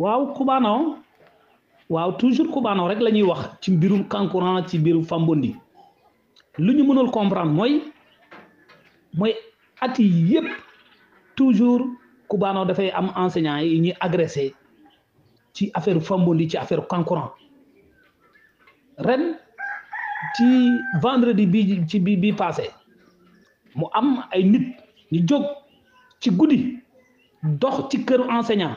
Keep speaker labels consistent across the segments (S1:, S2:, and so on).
S1: waaw Kubanaw waaw toujours Kubanaw rek la ñuy wax ci mbirum kankurang ci mbirum Fambondi lu ñu mënul comprendre mooy mooy ati yi yëpp toujours Kubanaw dafay am enseignant yi ñuy agressé ci affaire Fambondi ci affaire kankurang ren ci vendredi bi ci bi bi passé mu am ay nit ñu jóg ci guddi dox ci kër enseignant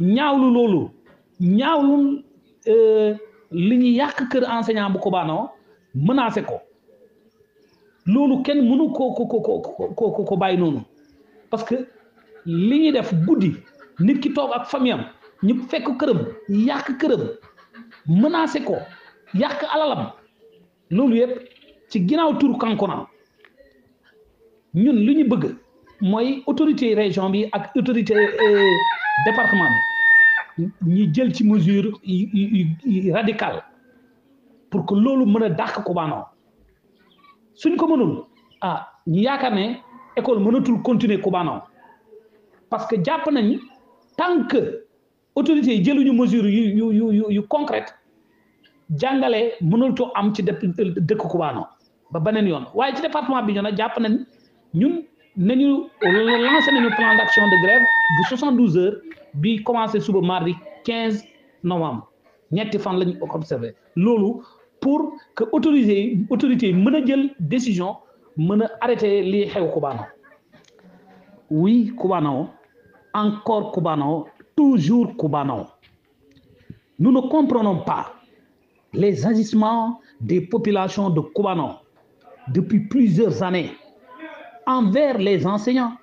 S1: ñaawlu loolu ñaawlu euh, li ñuy yàq kër enseignant bu Kobano menacé ko loolu kenn mënu ko ko ko ko bàyyi noonu parce que li ñuy def guddi nit ki toog ak famiyam ñu fekk këram yàq këram menacé ko yàq alalam loolu yëpp ci ginnaaw turu Kankourang ñun li ñu bëgg mooy autorité région bi ak autorité euh, département Nous avons ci mesure mesures pour que loolu mën a dàq suñ ko mënul ah ñu yaakaar école mënatul continuer parce que jàpp nañ tant que autorités yi jëluñu mesure yu yu yu yu concrète jàngale am ci dëkk ont ba beneen yoon ci département bi ñu ñun lancé nañu plan d'action de grève de 72 heures bi commencé le mardi 15 novembre pour que l'autorité ait une décision mën arrêter les oui Kubaanoo encore Kubaanoo toujours Kubaanoo nous ne comprenons pas les agissements des populations de Kubaanoo depuis plusieurs années envers les enseignants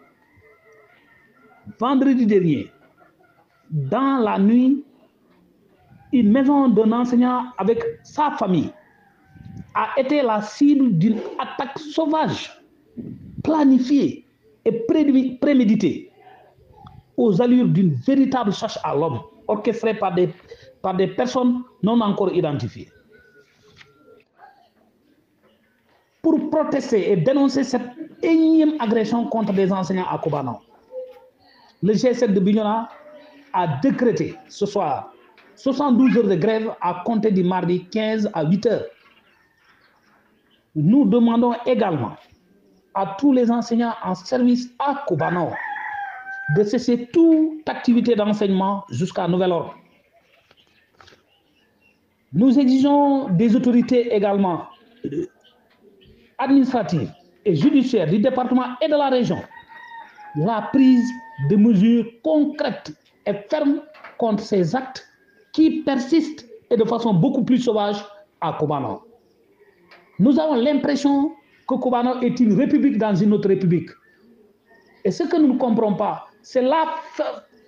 S1: vendredi dernier dans la nuit une maison d'un enseignant avec sa famille a été la cible d'une attaque sauvage, planifiée et préméditée, aux allures d'une véritable charge à l'homme, orchestrée par des, personnes non encore identifiées. Pour protester et dénoncer cette énième agression contre des enseignants à Kobanon, le G7 de Bignola a décrété ce soir 72 heures de grève à compter du mardi 15 à 8 heures. Nous demandons également à tous les enseignants en service à Kobano de cesser toute activité d'enseignement jusqu'à nouvel ordre. Nous exigeons des autorités également administratives et judiciaires du département et de la région la prise de mesures concrètes est ferme contre ces actes qui persistent et de façon beaucoup plus sauvage à Kobano. Nous avons l'impression que Kobano est une république dans une autre république. Et ce que nous ne comprenons pas, c'est la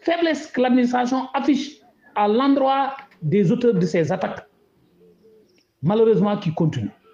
S1: faiblesse que l'administration affiche à l'endroit des auteurs de ces attaques, malheureusement qui continuent.